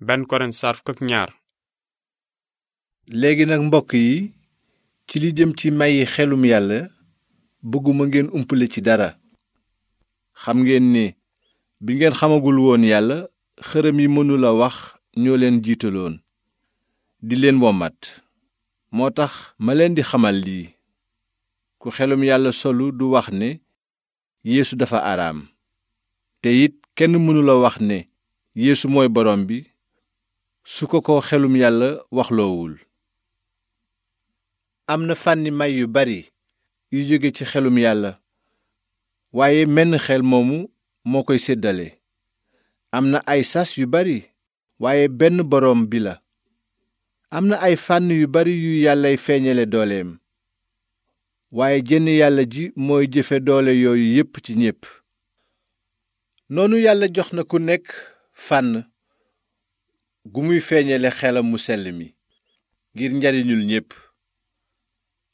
benn Korent saar fukk ñaar. léegi nag mbokk yi ci li jëm ci mayi xelum yàlla bëgguma ngeen umpale ci dara. xam ngeen ne bi ngeen xamagul woon yàlla xërëm yi mënula wax ñoo leen jiitaloon. di leen womat. moo tax ma leen di xamal lii. ku xelum yàlla solu du wax ne yéesu dafa araam. te it kenn mënula wax ne yéesu mooy borom bi su xelum yàlla waxloowul am na fànni may yu bari yu jóge ci xelum yàlla waaye menn xel moomu moo koy séddale am na ay sas yu bari waaye benn borom bi la am na ay fànn yu bari yu yàllay feeñale dooleem waaye jenn yàlla ji mooy jëfe doole yooyu yépp ci ñépp noonu yàlla jox na ku nekk fànn gu muy feeñale xelam mu sell mi ngir njariñul ñépp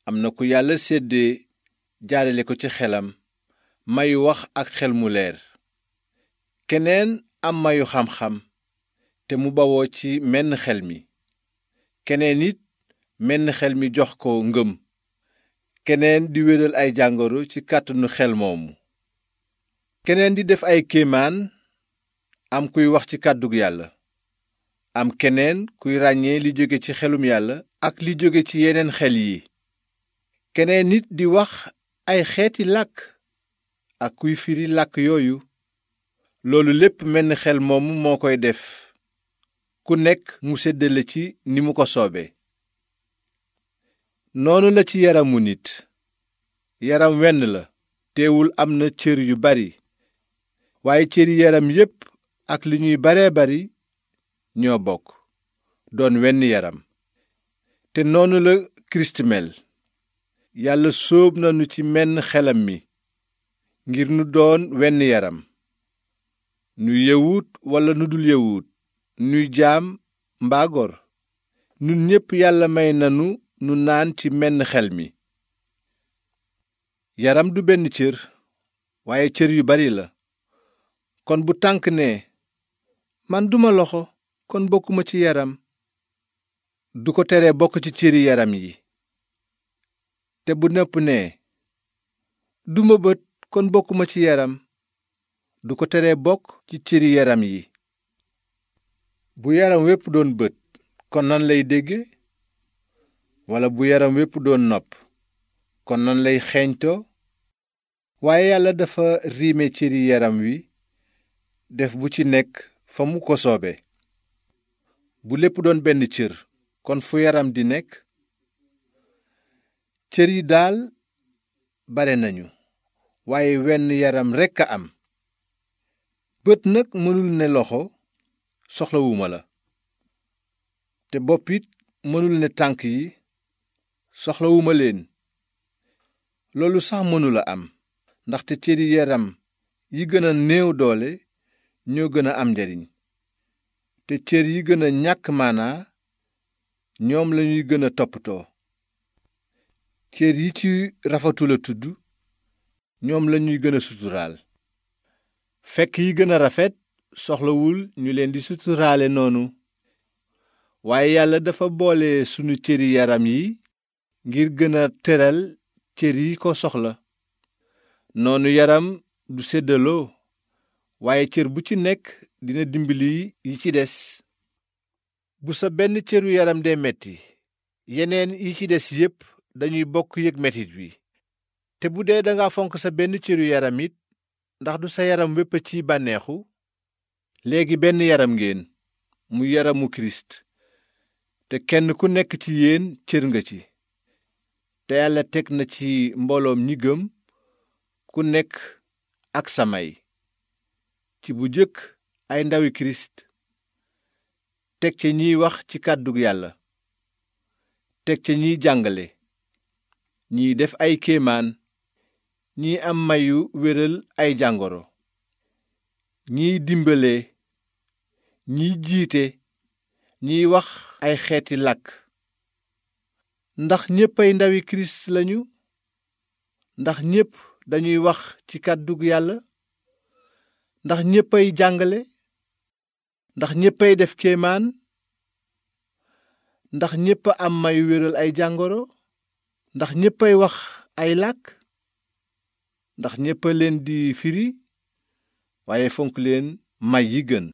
am na ku yàlla séddee jaarale ko ci xelam mayu wax ak xel mu leer keneen am mayu xam-xam te mu bawoo ci menn xel mi keneen it menn xel mi jox ko ngëm keneen di wéral ay jàngoro ci kàttanu xel moomu keneen di def ay kéemaan am kuy wax ci kàddug yàlla am keneen kuy ràññee li jóge ci xelum yàlla ak li jóge ci yeneen xel yi keneen nit di wax ay xeeti làkk ak kuy firi làkk yooyu loolu lépp menn xel moomu moo koy def ku nekk mu séddale ci ni mu ko soobe noonu la ci yaramu nit yaram wenn la teewul am na cër yu bari waaye cëri yaram yépp ak li ñuy baree bari ñoo bokk doon wenn yaram te noonu la kirist mel yàlla sóob nanu ci menn xelam mi ngir nu doon wenn yaram nuy yëwut walla nu dul yëwut nuy jaam mbaa gor nun ñépp yàlla may nanu nu naan ci menn xel mi yaram du benn cër waaye cër yu bari la kon bu tànk nee man duma loxo kon bokkuma ci yaram du ko tere bokk ci cëri yaram yi te bu nëpp nee du ma bët kon bokkuma ci yaram du ko tere bokk ci cëri yaram yi bu yaram wépp doon bët kon nan lay dégg walla bu yaram wépp doon nopp kon nan lay xeeñtoo waaye yàlla dafa riime cëri yaram wi def bu ci nekk fa mu ko soobe bu lépp doon benn cër kon fu yaram di nekk cër yi daal bare nañu waaye wenn yaram rekk a am bët nag mënul ne loxo soxlawuma la te bopp it mënul ne tànk yi soxlawuma leen loolu sax mënula am ndaxte cëri yaram yi gën a néew doole ñoo gën a am njariñ te cër yi gën a ñàkk maanaa ñoom lañuy gën a toppatoo cër yi ci rafetul a tudd ñoom lañuy gën a suturaal fekk yi gën a rafet soxlawul ñu leen di suturaale noonu waaye yàlla dafa boole sunu cëri yaram yi ngir gën a tëral cër yi ko soxla noonu yaram du séddaloo waaye cër bu ci nekk dina dimbali yi ci des bu sa benn cëru yaram dee metti yeneen yi ci des yépp dañuy bokk yëg metit wi te bu dee danga fonk sa benn cëru yaramit ndax du sa yaram wépp ci bànneexu léegi benn yaram ngeen mu yaramu kirist te kenn ku nekk ci yéen cër nga ci te yàlla teg na ci mbooloom ñi gëm ku nekk ak samay ci bu jëkk ay ndawi kirist teg ca ñiy wax ci kàddug yàlla teg ca ñiy jàngale ñiy def ay kéemaan ñii am mayu wéral ay jàngoro ñii dimbale ñiy jiite ñiy wax ay xeeti làkk ndax ñépp ay ndawi kirist lañu ndax ñépp dañuy wax ci kàddug yàlla ndax ñéppay jàngale ndax ñéppay def kéemaan ndax ñépp am may wéral ay jàngoro ndax ñéppay wax ay làkk ndax ñépp leen di firi waaye fonk leen may yi gën